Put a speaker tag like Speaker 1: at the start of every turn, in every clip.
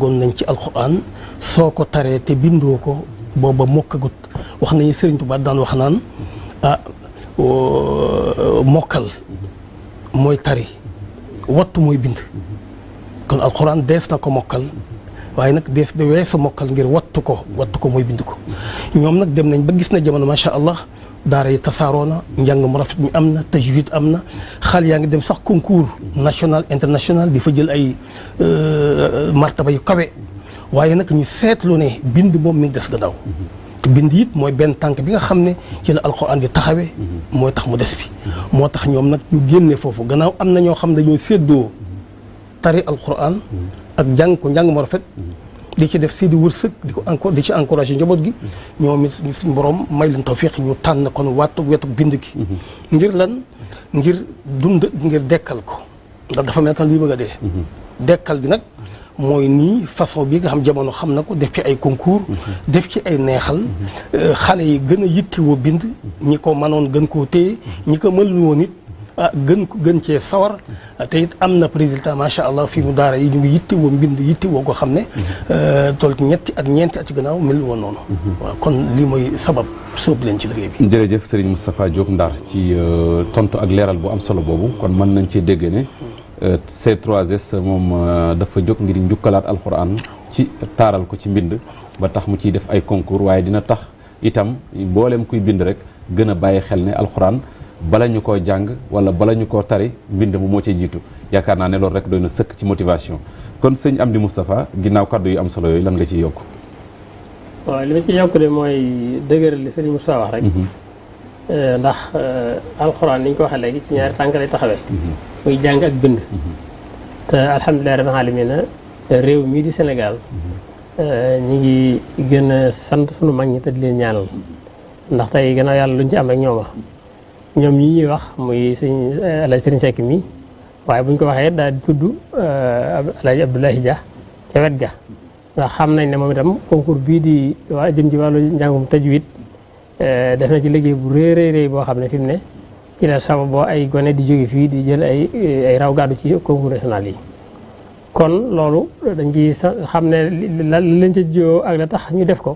Speaker 1: goon nañ ci alxuraan soo ko taree te bindoo ko booba mokkagut wax nañu Sëriñ Tuubaa daan wax naan ah mokkal mooy tari wattu mooy bind kon alxuraan dees na ko mokkal waaye nag dees de weesu mokkal ngir wattu ko wattu ko mooy bind ko ñoom nag dem nañ ba gis na jamono macha allah daara yi tasaaroo na njàng mu rafet mi am na tajwid am na xale yaa ngi dem sax concours national international di fa jël ay euh, martaba yu kawe waaye nag ñu seetlu ne bind moom mi des gannaaw te bind it mooy benn tànk bi nga xam ne ci la alxuraan di taxawee mooy tax mu des bi moo tax ñoom nag ñu génne foofu gannaaw am na ñoo xam ne dañoo séddoo tari alxuraan ak jàng ko njàng mu rafet di ci def seen i wërsëg di encore di ci encouragé njaboot gi mm-hmm. ñoom it ñu suñu borom may leen tawfiq ñu tànn kon wattu wetu bind ki mm-hmm. ngir lan ngir dund ngir dekkal ko ndax dafa mel kan luy bëgg a dee mm-hmm. dekkal gi nag mooy nii façon bi nga xam jamono xam na ko def ci ay concours def ci ay neexal euh, xale yi gën a yittewoo bind ñi ko mënoon gën koo téye ñi ko mënul woon it Ah, gën ko gën cee sawar te it am na résultat macha allah fi mu daara yi ñu ngi yitte woo mbind yitte woo ko xam ne euh, tool ñetti ak ñeenti at ci gannaaw mel woon noonu waaw kon lii mooy sabab
Speaker 2: sóob leen ci liggéey bi jërëjëf Serigne Moustapha Diop Ndar ci euh, tontu ak leeral bu am solo boobu kon mën nañ cee dégg ne euh, C3S moom dafa jóg ngir njukkalaat alxuraan ci taaral ko ci mbind ba tax mu ciy def ay konkuur waaye dina tax itam booleem kuy bind rek gën a bàyyi xel ne alxuraan bala ñu koo jàng wala bala ñu ko tari mbind mu moo cee jiitu yaakaar naa ne loolu rek doy na sëkk ci motivation kon sëñ Amdi Moustapha ginnaaw kaddu yu am solo yooyu lan nga ciy yokk.
Speaker 3: waaw li ma ci yokk de mooy dëgëral li sëñ Moustapha wax rek. Mhm. Eh, ndax eh, alxuraan ni ñu ko waxee léegi ci ñaari tànk lay taxawee. Mhm. muy jàng ak bind. Mhm. te alhamdulilah rabbil aalamiina réew mii di Sénégal. Eh, ñu ngi gën a sant sunu mag ñi te di leen ñaanal ndax tey gannaaw yàlla luñ ci am rek ñoom ñoom ñi ñuy wax muy sëñ eh, Alaaji Sëriñ Seck mi waaye buñ ko waxee daal di tudd eh, Alaaji Abdoulaye Dia ca wet ga ndax xam nañ ne moom itam concours bii di waa jëm ci wàllu njàngum tajwid eh, def na ci liggéey bu réy réy boo xam ne fi ne ci la sabab boo ay gone di jóge fii di jël ay ay raw gàddu ci concours national yi kon loolu dañ ci sa xam ne la leen ca ak la tax ñu def ko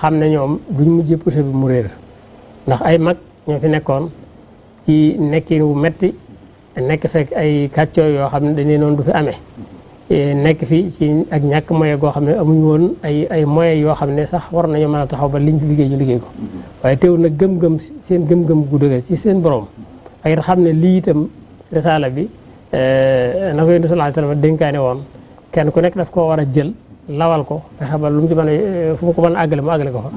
Speaker 3: xam ne ñoom duñ mujjee projet bi mu réer ndax ay mag ñoo fi nekkoon ci nekkin wu metti nekk fekk ay kàccoor yoo xam ne dañu noonu du fi amee e, nekk fi ci ak ñàkk moyen goo xam ne amuñu woon ay ay moyens yoo xam ne sax war nañu mën a taxaw ba liñ liggéey ñu liggéey ko waaye teewu na gëm-gëm seen gëm-gëm gu dëgër ci seen borom ak xam ne lii itam risaala bi e, na ko yonent sallallahu alayhi wa sallam woon kenn ku nekk daf koo war a jël lawal ko nga xam ci mën e, fu mu ko mën a àggale mu àggale ko fa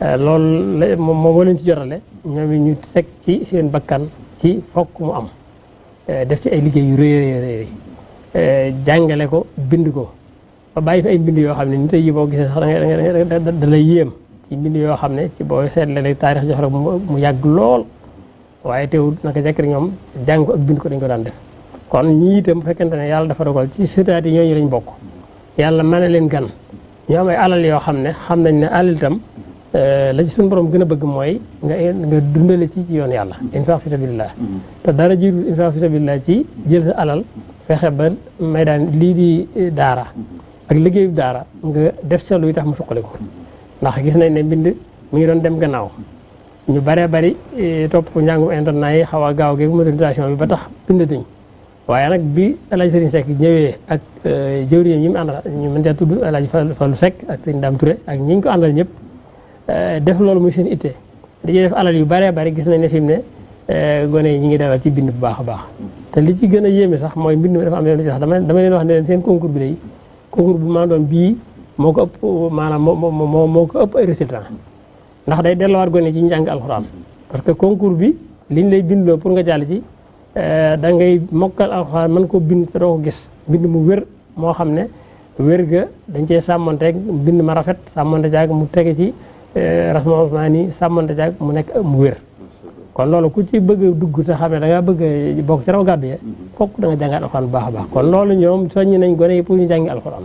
Speaker 3: Euh, lool la moom moo leen ci jotale ñoom yi ñu teg ci seen bakkan ci fokk mu am euh, def ci ay liggéey yu rëy rëy euh, ko bind ko ba bàyyi fi ay mbind yoo xam ne nit yi boo gisee sax da ngay yoo xam ne ci boo seetlee léegi taarix jox mu yàgg lool waaye teewul naka jekk rek ñoom jàng ko bind ko dañ ko daan def. kon ñii itam bu fekkente ne yàlla dafa dogal ci sëtaat yi ñooñu lañ bokk yàlla mën leen gan ñoo am ay alal yoo xam ne xam nañ ne alal itam. Euh, la ci suñu gën a bëgg mooy nga dundale ci ci yoon yàlla mm-hmm. infaq fi sabilillah mm-hmm. te dara jiitu infaq fi sabilillah ci jël sa alal fexe ba may daan lii di eh, daara mm-hmm. ak liggéeyu daara nga def sa luy tax mu suqali ko ndax gis nañ ne mbind mu ngi doon dem gannaaw ñu bare bari eh, topp ko njàngum internet yi xaw a gaaw geeg modernisation bi ba tax bindatuñ waaye nag bi El Hadj Serigne ñëwee ak eh, jëwriñ yi mu àndal ñu mën cee tudd El Hadj Fallou Seck ak Serigne Dame Touré ak ñi ko àndal ñëpp. Euh, def loolu muy seen ittee dañuy def alal yu baree bari gis nañ ne fi mu ne euh, gone yi ñu ngi dalal ci bind bu baax a baax te li ci gën a yéeme sax mooy mbind mi dafa am yoon sax dama dama leen wax ne leen seen concours bi day concours bu maanaam bii moo ko ëpp maanaam moo moo ko ëpp ay ndax day delluwaat gone ci njàng alxuraan parce que concours bi liñ lay bindloo pour nga jàll ci euh, da ngay mokkal alxuraan mën koo bind te doo ko gis bind mu wér moo xam ne wér ga dañ cee sàmmonteeg bind ma rafet sàmmonte jaag mu tege ci Eh, rahmaani ni sàmmante jaag mu nekk mu wér kon loolu ku ci bëgg dugg te xam ne da ngaa bëgg a bokk ci raw gàddu ya fokk mhm. da nga jàngaat alxuraan bu baax a baax kon loolu ñoom soññi nañ gone yi pour ñu jàngi alxuraan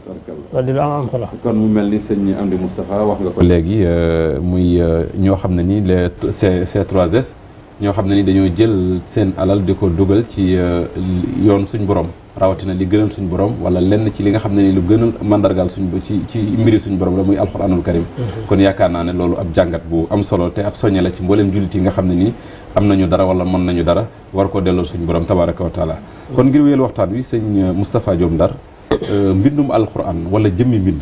Speaker 2: loolu di lu am am solo kon mu mel ni seen sëñ di Moustapha wax nga ko léegi euh, muy euh, ñoo xam ne ni les C3S ñoo xam ne ni dañoo jël seen alal di ko dugal ci euh, yoon suñ borom rawatina li gënal suñu borom wala lenn ci li nga xam ne ni lu gënal mandargaal suñ ci ci mbiri suñu borom la muy alxuraanul karim mhm. kon yaakaar naa ne loolu ab jàngat bu am solo te ab soññe la ci mbooleem jullit yi nga xam ne nii am nañu dara wala mën nañu dara war koo delloo suñu borom tabaraka wa taala kon ngir wéyal waxtaan wi sëñ euh, Moustapha Diom Ndar euh, mbindum alxuraan wala jëmmi mbind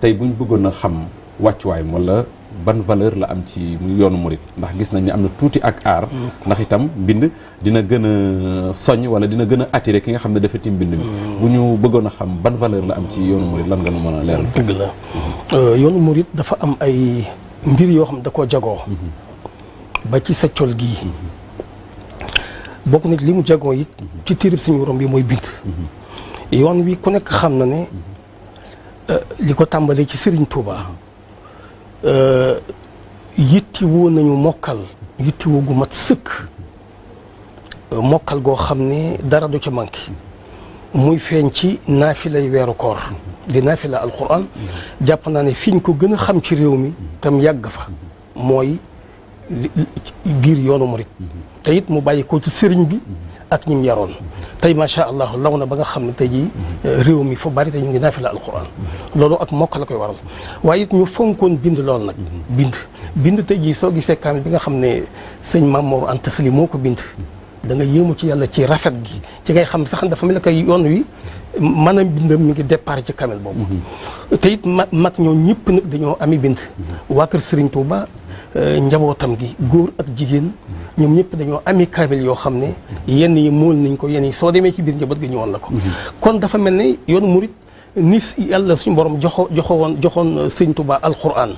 Speaker 2: tey buñ bëggoon a xam wàccuwaayam wala ban valeur la am ci yoonu morit ndax gis nañ ni am na tuuti ak aar ndax itam mbind dina gën a soñ wala dina gën a attiré ki nga xam ne dafa mbind mi mm. bu ñu bëggoon a xam ban valeur la am ci yoonu murit lan nga nu mën a leeral dëgg la euh, yoonu morit dafa am ay mbir yoo xam da koo
Speaker 1: jagoo mm-hmm. ba ci sa col gii mm-hmm. bokk nit li mu jagoo it mm-hmm. ci tirib suñu borom bi mooy bind yoon wi ku nekk xam na ne euh, li ko tàmbalee ci Serigne Touba Euh, yittewoo nañu mokkal yittewoo gu mat sëkk euh, mokkal goo xam ne dara du ci manqué muy feeñ ci naafilay weeru koor di naafila alquran jàpp naa ne fiiñ ko gën a xam ci réew mi tam yàgg fa mooy biir yoonu murit te it mu bàyyi ko ci sëriñ bi ak ñim yaroon tey macha allah law na ba nga xam ne tey ji eh, réew mi fu bari te ñu ngi naafila alquran loolu ak mokk la koy waral waaye it ñu fonkoon bind lool nag bind bind tey jii soo gisee kaamil bi nga xam ne sëñ Mamour Anta Sali moo ko bind da nga yéemu ci yàlla ci rafet gi ci ngay xam sax dafa mel ne que yoon wi mën a bindam mi ngi départ ci kamel boobu. Mm-hmm. te it mag mag ñoo ñëpp nag dañoo ami bind. Mm-hmm. waa kër Serigne Touba eh, njabootam gi góor ak jigéen. ñoom ñëpp dañoo amee kaamil yoo xam ne yenn yi muul nañ ko yenn yi soo demee ci biir njaboot gi ñu woon la ko mhm. kon dafa mel ne yoonu murit nis yàlla suñu borom joxo joxowoon joxoon uh, sëñ Tuubaa alquran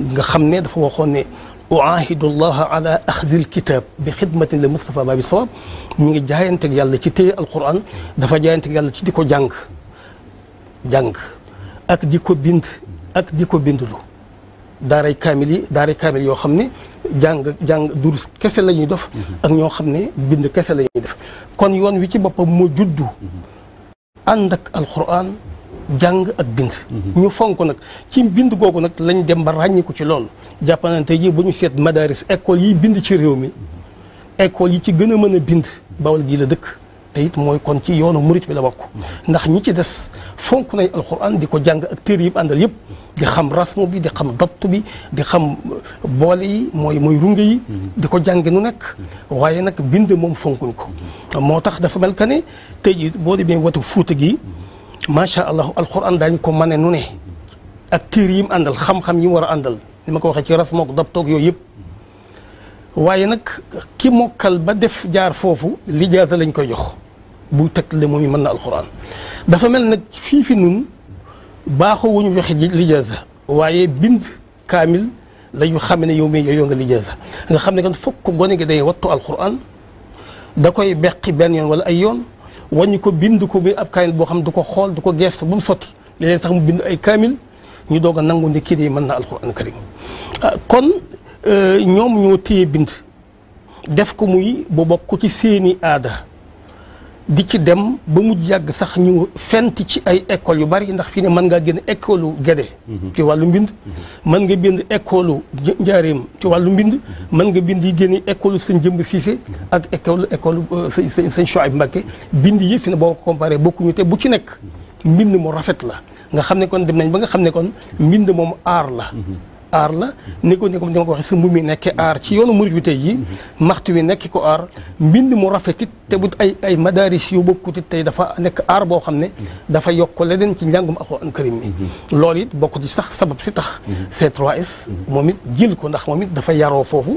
Speaker 1: mhm. xam ne dafa waxoon ne uahidu llaha ala axzil kitab bi xidmatin li Mustafa babi sawab mi ngi jaayanteeg yàlla ci téye alquran dafa jaayanteeg yàlla ci di ko jàng jàng ak di ko bind ak di ko bindulu daaray daaray kaamil yoo xam ne jàng jàng durus kese lañuy def ak ñoo xam ne bind kese la def kon yoon wi ci boppam moo juddu ànd ak alxuraan jàng ak bind ñu fonk nag ci bind googu nag lañ dem ba ràññiku ci lool jàpp naa jii bu ñu seet madaris école yi bind ci réew mi école yi ci gën a mën a bind bawal gii la dëkk te it mooy kon ci yoonu murit bi la bokk ndax ñi ci des fonk nañ alxuraan di ko jàng ak téere yi àndal yëpp di xam rasmu bi di xam dabt bi di xam boole yi mooy mooy runge yi di ko jàng nu nekk waaye nag bind moom fonkuñ ko moo tax dafa mel ka ne tey jii boo demee watu fuuta gi macha allah alxuraan daañu ko mane nu ne ak téere yi mu àndal xam-xam yi war a àndal ni ma ko waxee ci rasmoog dabtoog yooyu yëpp waaye nag ki mokkal ba def jaar foofu lijaasa lañ koy jox bu tëkkale moom yi mën na alxuraan dafa mel nag fii fi nun baaxoo wu ñu waxe lijaasa waaye bind kaamil lañu xam ne yow mii yooyu nga lijaasa nga xam ne kon fokk gone gi day wattu alxuraan da koy beqi benn yoon wala ay yoon wàññi ko bind ko bi ab kaamil boo xam du ko xool du ko geestu ba mu sotti léeg sax mu bind ay kaamil ñu doog a nangu ne kii de mën na alxuraan karim ah, kon euh, ñoom ñoo téye bind def ko muy bu bokk ci seeni aada di ci dem ba mu yàgg sax ñu fent ci ay écoles yu bari ndax fii ne mën ngaa génn école Guédé mhm. ci wàllu mbind mhm. mën nga bind école Njaareem ci wàllu mbind mhm. mën nga bind yi génne école sëñ Jëmb Cissé ak école école euh, sëñ sëñ Chouaib Mbacké bind yi fi ne boo ko comparé bokkuñu te bu ci nekk mbind mu rafet la nga xam ne kon dem nañ ba nga xam ne kon mbind moom aar la aar la ni ko ni ko ma ko waxee sëmb mi nekk aar ci yoonu murit yi tey maxtu wi nekk ko aar mbind mu rafetit te but ay ay madaris yu bokkutit tey dafa nekk aar boo xam ne dafa yokk leneen ci njàngum alxuraan karim mi loolu it bokk ci sax sabab si tax c 3 moom it jël ko ndax moom it dafa yaroo foofu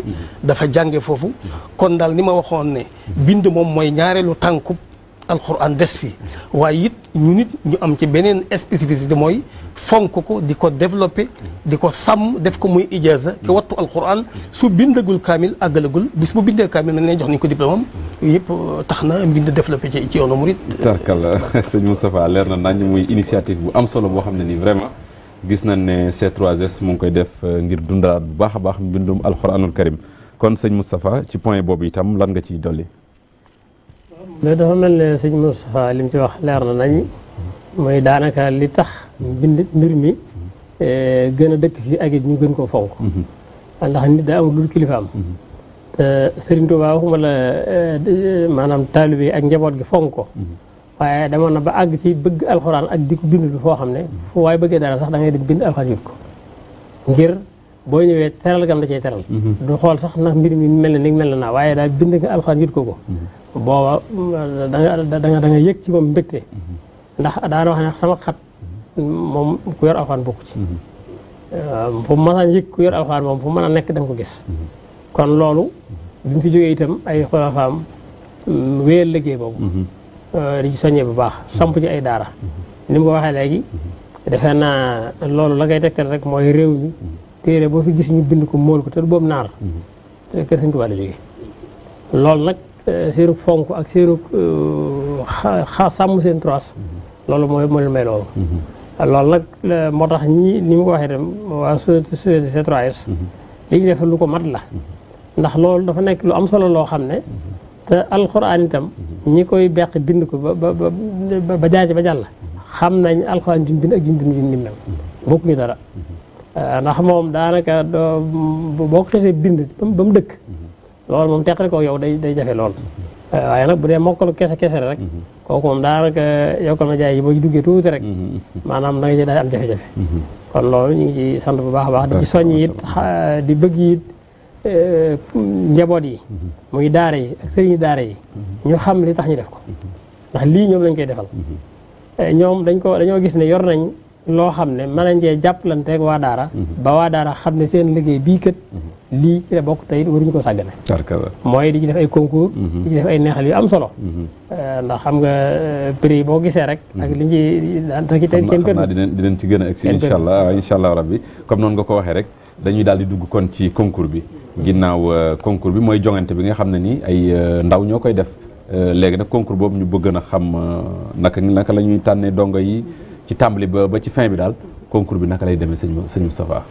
Speaker 1: dafa jànge foofu kon daal ni ma waxoon ne bind moom mooy ñaareelu tànkub alxuraan des fi waaye it ñu nit ñu am ci beneen spécificité mooy fonk ko di ko développé di ko sàmm def ko muy ijaaza ki wattu alxuraan su bindagul kaamil àggalagul bis bu bindee kaamil mel ne jox ni ko diplôme am yëpp euh, tax na mbind développé ci ci yoonu murit
Speaker 2: tarkala sëñ Moustapha leer na naa nañ muy initiative bu am solo boo xam ne nii vraiment gis nañ ne C3S mu ngi koy def euh, ngir dundalaat bu baax a baax mbindum alxuraanul karim kon sëñ Moustapha ci point boobu itam lan nga ciy dolli
Speaker 3: loolu dafa mel ne sëñ Moustapha li mu ci wax leer na nañ mooy daanaka li tax mbind mbir mi e, gën a dëkk fii ak it ñu gën koo fonk mhm. ndax nit daa amul lu kilifaam mhm. te Sëriñ Tuubaa waxuma la e, e, maanaam taalibe ak njaboot gi fonk ko mhm. waaye demoon na ba àgg ci bëgg alxuraan ak dikk ko bind lu foo xam ne fu waaye bëggee dara sax da ngay dem bind alxuraan yit ko ngir boo ñëwee teral gam da cee teral du xool sax ndax mbir mi mel na ni mel na naa waaye daal bind nga alxuraan yit ko booba da nga da nga da nga yëg ci moom mbégte ndax daana wax ne sama xat moom ku yor alxuraan bokku ci euh, fu masaan yëg ku yor alxuraan moom fu mën a nekk da ko gis kon loolu bi mu fi jógee itam ay xulafaam mm, wéyal liggéey boobu euh, di ci soññee bu baax samp ay daara ni mu ko waxee léegi defe naa loolu la ngay tegtal rek mooy réew mi téere boo fi gis ñu bind ko mool ko te boobu naar kër Sëñ Tuubaa la jógee loolu nag Eh, seenug fonk ak seenug eh, xa sàmm seen trois loolu mooy moo leen may loolu mhm. loolu nag eh, moo tax ñi ni mu ko waxee tam waa société c mhm. mat la mhm. ndax loolu dafa nekk lu am solo loo xam ne te alxuraan itam ñi koy beq bind ko ba ba ba jaaje ba jàll xam nañ alxuraan jum bind ak jum bind jum ni mel bokkuñu dara ndax moom daanaka boo ko xesee bind ba mu dëkk loolu moom teqale ko yow day day jafe lool euh, waaye nag bu dee mokkalu kese kese rek mhm. kooku moom daanaka euh, yokkal ma jaay yi boo ci duggee tuuti rek mhm. maanaam da nga ci day mhm. kon loolu ñu ngi ci sant bu baax baax di ci soññ it di bëgg it euh, njaboot yi muy daara yi ak sëriñu daara yi ñu xam li tax ñu def ko ndax lii ñoom lañ koy defal ñoom dañ ko dañoo gis ne yor nañ loo xam ne mën nañ cee jàppalanteeg waa daara mhm. ba waa daara xam ne seen liggéey bii kat mhm. lii ci la bokk tey waruñu ko sàggane mooy di ci def ay concours mhm. di ci def ay neexal yu am solo euh, ndax xam nga euh, prix boo gisee rek ak li ci daanaka ci tey seen kër
Speaker 2: dinañ ci gën a agsi incha allah incha allah rabbi comme noonu nga ko waxee rek dañuy daal di dugg kon ci concours bi ginnaaw euh, concours bi mooy jongante bi nga xam ne nii ay ndaw ñoo koy def léegi nag concours boobu ñu bëgg na xam naka naka la ñuy tànnee dongo yi ci tàmbali ba ba ci fin bi daal concours bi naka lay demee sëñ sëñ Moustapha.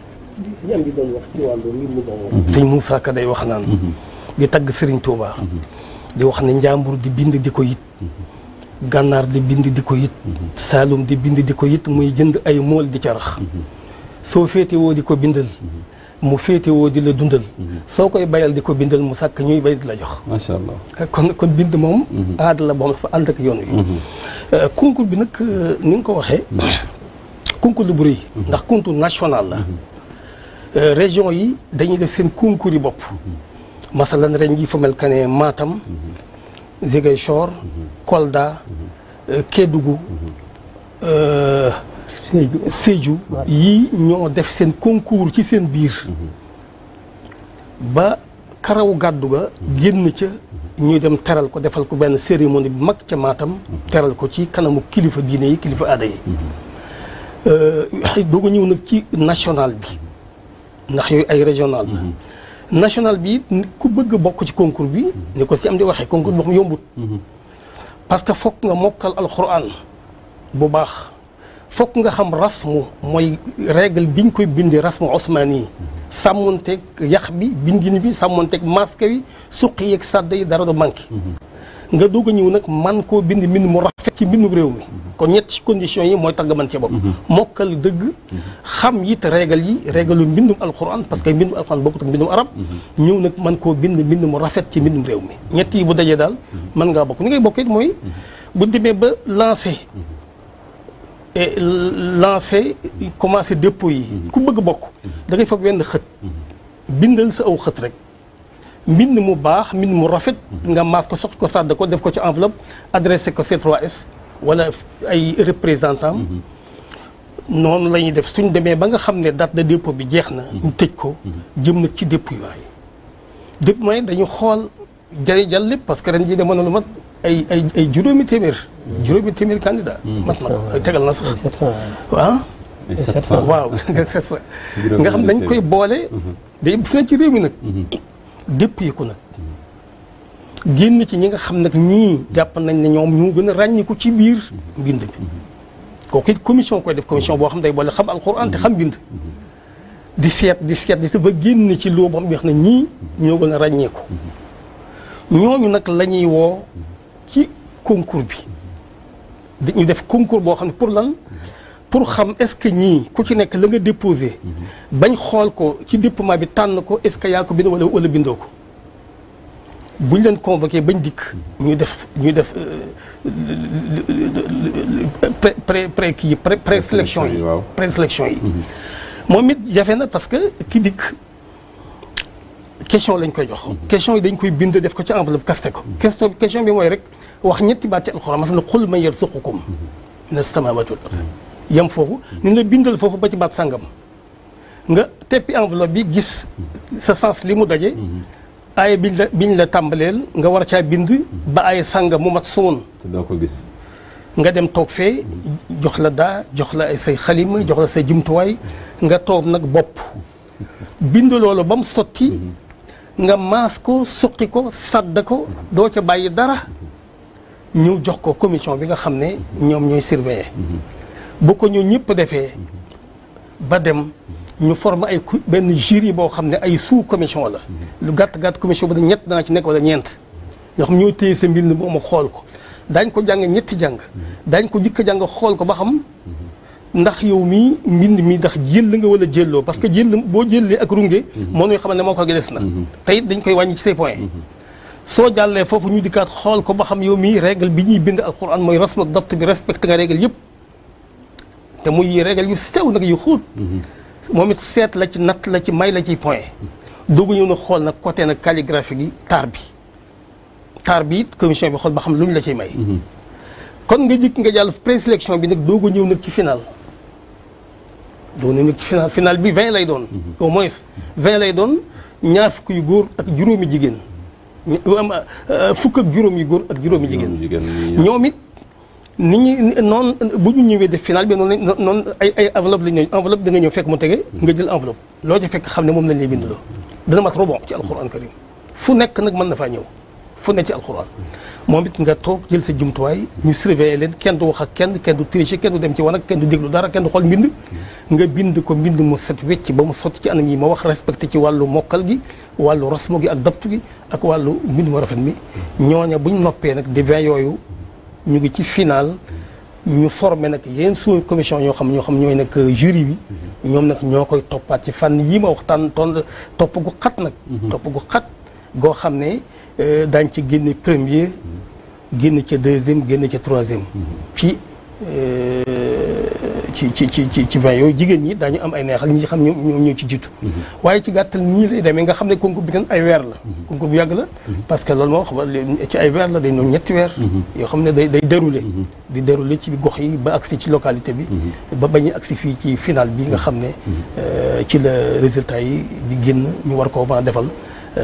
Speaker 1: li am di doon wax ci wàllu mbir mhm. Ka day wax naan. Mhm. di tagg sëriñ Touba. Mhm. di wax ne njàmbur di bind di ko yit. gànnaar di bind di ko yit. Saalum di bind di ko yit muy jënd ay mool di ca rax. soo féetewoo di ko bindal. mu féetewoo di la dundal. Mhm. soo koy bayal di ko bindal mu sàkk ñuy bay di la jox. macha allah eh, kon kon bind moom. Mhm. aada la boo dafa ànd ak yoon wi. Mhm. Eh, concours bi nag ni nga ko waxee. concours bu rëy. ndax concours national la. Eh, région yi dañuy def seen concours yi bopp. masalan ren jii fa mel ka ne Matam. Ziguinchor. Kolda. Kédougou. Sédhiou yi ñoo def seen concours ci seen biir ba karaw gàddu ga génn ca ñuy dem teral ko defal ko benn cérémonie bu mag ca maatam teral ko ci kanamu kilifa diine yi kilifa aada yi euh, doo ko ñëw nag ci national bi ndax yooyu ay régional la bi ku bëgg bokk ci concours bi ni ko si am di waxee concours bi wax yombut mhm. parce que foog nga mokkal alxuraan bu baax fokk nga xam rasmu mooy régle bi ñu koy bindi rasmu osmaani yi sàmmonteeg yax bi bindin bi sàmmonteeg masque bi suqi yeeg sàdd yi dara du manqué nga doog a ñëw nag man koo bind mbind mu rafet ci mbindum réew mi kon ñetti conditions yi mooy tax nga mën ci bopp mokkal dëgg xam it régal yi régalu mbindum alquran parce que mbindum alquran bokkut ak mbindum arab ñëw nag man koo bind mbind mu rafet ci mbindum réew mi ñett yi bu dajee daal mën ngaa bokk ni ngay bokk mooy bu demee ba lancé et lancé commencé dépôt yi. ku bëgg bokk. dangay ngay fab wenn xët. bindal sa aw xët rek. mbind mu baax mbind mu rafet. nga maas ko sox ko sàdd ko def ko ci enveloppe adressé ko C3S wala ay représentant noonu la ñuy def suñ demee ba nga xam ne date de dépôt bi jeex na. ñu tëj ko jëm na ci dépôt yi. dépôt yi dañu xool jari jal lépp parce que ren jii demoon na lu mat. ay ay ay juróomi téeméer. juróomi téeméer candidat. Hmm. mat na ko tegal na sax.
Speaker 3: Ah?
Speaker 1: waaw. waaw nga xam dañ koy boole. Hmm. day fi ci réew mi nag. Hmm. déppi ko nag. génn ci ñi nga xam nag ñii jàpp nañ ne ñoom ñu gën a ràññiku ci biir mbind bi ko it commission koy def commission boo xam day boole xam alxuraan te xam mbind di seet di seet di seet ba génn ci loo bam bi xam ne ñii ñoo gën a ràññeeku ñooñu nag la ñuy woo ci concours bi dañu def concours boo xam ne pour lan pour xam est-ce que ñii ku ci nekk la nga déposé bañ xool ko ci département bi tànn ko est-ce que yaa ko bind wala wala bindoo ko buñ leen convoqué bañ dikk ñu def ñu def euh, pré pré kii yi pré sélection yi pré sélection yi moom it jafe na parce que ki dikk question lañ koy jox. question yi dañ koy bind def ko ci enveloppe kaste ko. question question bi mooy rek wax ñetti baat ci alxuraan mas na xul ma yarzuqukum mina sama wal ard yam foofu ni la bindal foofu ba ci baat sàngam nga teppi enveloppe bi gis sa sens li mu daje. aaya biñ la la tàmbaleel nga war caa bind ba aaya sàngam mu mat suwoon. doo ko gis. nga dem toog fee jox la daa jox la ay say xalima jox la say jumtuwaay nga toog nag bopp bind loolu ba mu sotti. nga maas ko suqi ko sadd ko doo ca bàyyi dara ñu jox ko commission bi nga xam ne ñoom ñooy surveiller bu ko ñu ñëpp defee ba dem ñu former ay benn jury boo xam ne ay sous commission la lu gàtt gàtt commission ba ñett dana ci nekk wala ñeent ñoo xam ñoo téye sa mbind moomu xool ko daañ ko jàng ñetti jàng daañ ko jikk jàng xool ko ba xam ndax yow mii mbind mi ndax jël nga wala jëlloo parce que jël boo jëlee ak runge mhm. moo nuy xamal ne moo ko des na mhm. te dañ koy wàññi ci say point mhm. soo jàllee foofu ñu dikkaat xool ko ba xam yow mii règle bi ñuy bind alquran mooy rasm ak dabt bi respecté nga règle yëpp te muy règle yu sew nag yu xuut moom it seet la ci natt la ci may la ci point doogu ñëw na xool nag côté nag calligraphie gi taar bi taar bi it commission bi xool ba xam lu ñu la ciy may kon nga jikk nga jàll présélection bi nag doogu ñëw nag ci final doon nañu ci final final bi 20 lay doon. Mhm. au moins 20 lay doon ñaar fukk yu góor ak juróomi jigéen ñu am euh, fukk ak juróom yu góor ak juróomi jigéen. ñoom it ni ñuy noonu bu ñu ñëwee def final bi noonu lañ noonu ay ay enveloppe lañ ñëw enveloppe da nga ñëw fekk mu tege. nga jël enveloppe loo ci fekk xam ne moom lañ lay bindaloo. dana mat robon ci alxuraan karim fu nekk nag mën na faa ñëw. fu ne ci alxuraan moom it nga toog jël sa jumtuwaay ñu surveiller leen kenn du wax ak kenn kenn du tricher kenn du dem ci wan ak kenn du déglu dara kenn du xool mbind nga bind ko mbind mu set wecc ba mu sotti ci anam yi ma wax respecté ci wàllu mokkal gi wàllu rasmu gi ak dabtu gi ak wàllu mbind mu rafet mi ñooña buñ noppee nag devin yooyu ñu ngi ci final ñu formé nag yéen suñu commission ñoo xam ñoo xam ñooy nag juri bi ñoom nag ñoo koy toppaat ci fànn yi ma waxtaan toon topp xat nag mm-hmm. topp xat goo xam ne Euh, daañ ci génne premier génn ca deuxième génn ca troisième mm-hmm. ci euh, ci ci ci ci ci vingt yooyu jigéen ñi daañu am ay neex ak ñi xam ñoom ñoo ci jiitu mm-hmm. waaye ci gàttal ñii lay demee nga xam ne concours bi kan ay weer la mm-hmm. concours bu yàgg la parce que loolu moo ba ci ay weer la day noonu ñetti weer yoo xam ne day day déroulé di déroulé ci gox yi ba agsi ci localité bi ba bañu agsi fii ci final bi nga xam ne euh, ci la résultat yi di génn ñu war koo mën a defal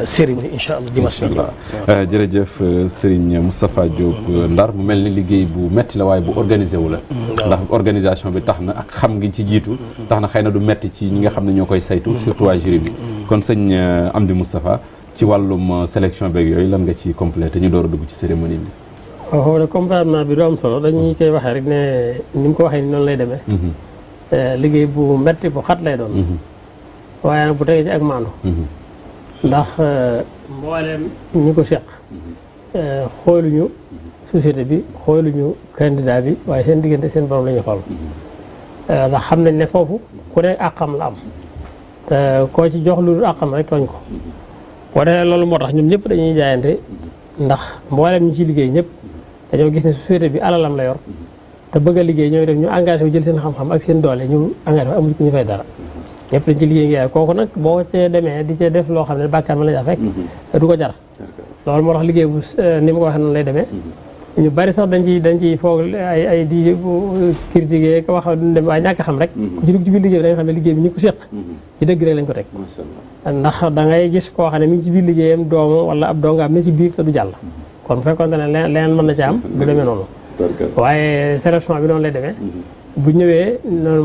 Speaker 2: cérémonie incha allah dimanche bi ñëw. Euh, jërëjëf euh, Serigne Moustapha euh, Ndar mu mel ni liggéey bu metti la waaye bu organisé wu la. Mm, ndax organisation bi tax na ak xam ngi ci jiitu. Mm. tax na xëy na du metti ci ñi nga xam ne ñoo koy saytu. Mm. surtout waa jury bi. kon sëñ Amdi Moustapha ci wàllum sélection beeg yooyu lan nga ci complété ñu door a dugg ci cérémonie bi.
Speaker 3: waaw xaw ma comportement bi du am solo dañuy cay waxee rek ne ni mu ko waxee ni noonu lay demee.
Speaker 2: Mm-hmm.
Speaker 3: liggéey bu metti bu xat lay doon. Mm-hmm. waaye bu tegee ndax euh, mboolem ñi ko seq mhm. euh, xooluñu société bi xooluñu candidat bi waaye seen diggante seen borom la ñu xool mhm. euh, ndax xam nañ ne foofu ku ne xam la am te ko ci jox lu dul xam rek tooñ ko mhm. boo demee loolu moo tax ñoom ñëpp dañuy jaayante ndax mboolem ñi ci liggéey ñëpp dañoo gis ne société bi alalam la yor te bëgg liggéey ñooy def ñu engagé wu jël seen xam-xam ak seen doole ñu engagé wu amul ku ñu fay dara ñëpp ci liggéey ngi yaay kooku nag boo cee demee di cee def loo xam ne bàkkaar ma la mm-hmm. jar
Speaker 4: fekk
Speaker 3: moo tax liggéey bu ni ma ko waxee noonu lay demee mm-hmm. ñu bari ci dañ ci foog ay ay di critiquer wax duñ dem waaye ñàkk rek mm-hmm. ku ci bi da nga xam ne liggéey bi ñu ko séq ci dëgg rek lañ ko teg ndax da ngay gis koo xam ne mi ci biir liggéeyam doomu wala ab doongaam ne ci biir te du jàll kon bu fekkoon ne leneen mën na ci am du demee noonu waaye sélection bi noonu lay demee bu ñëwee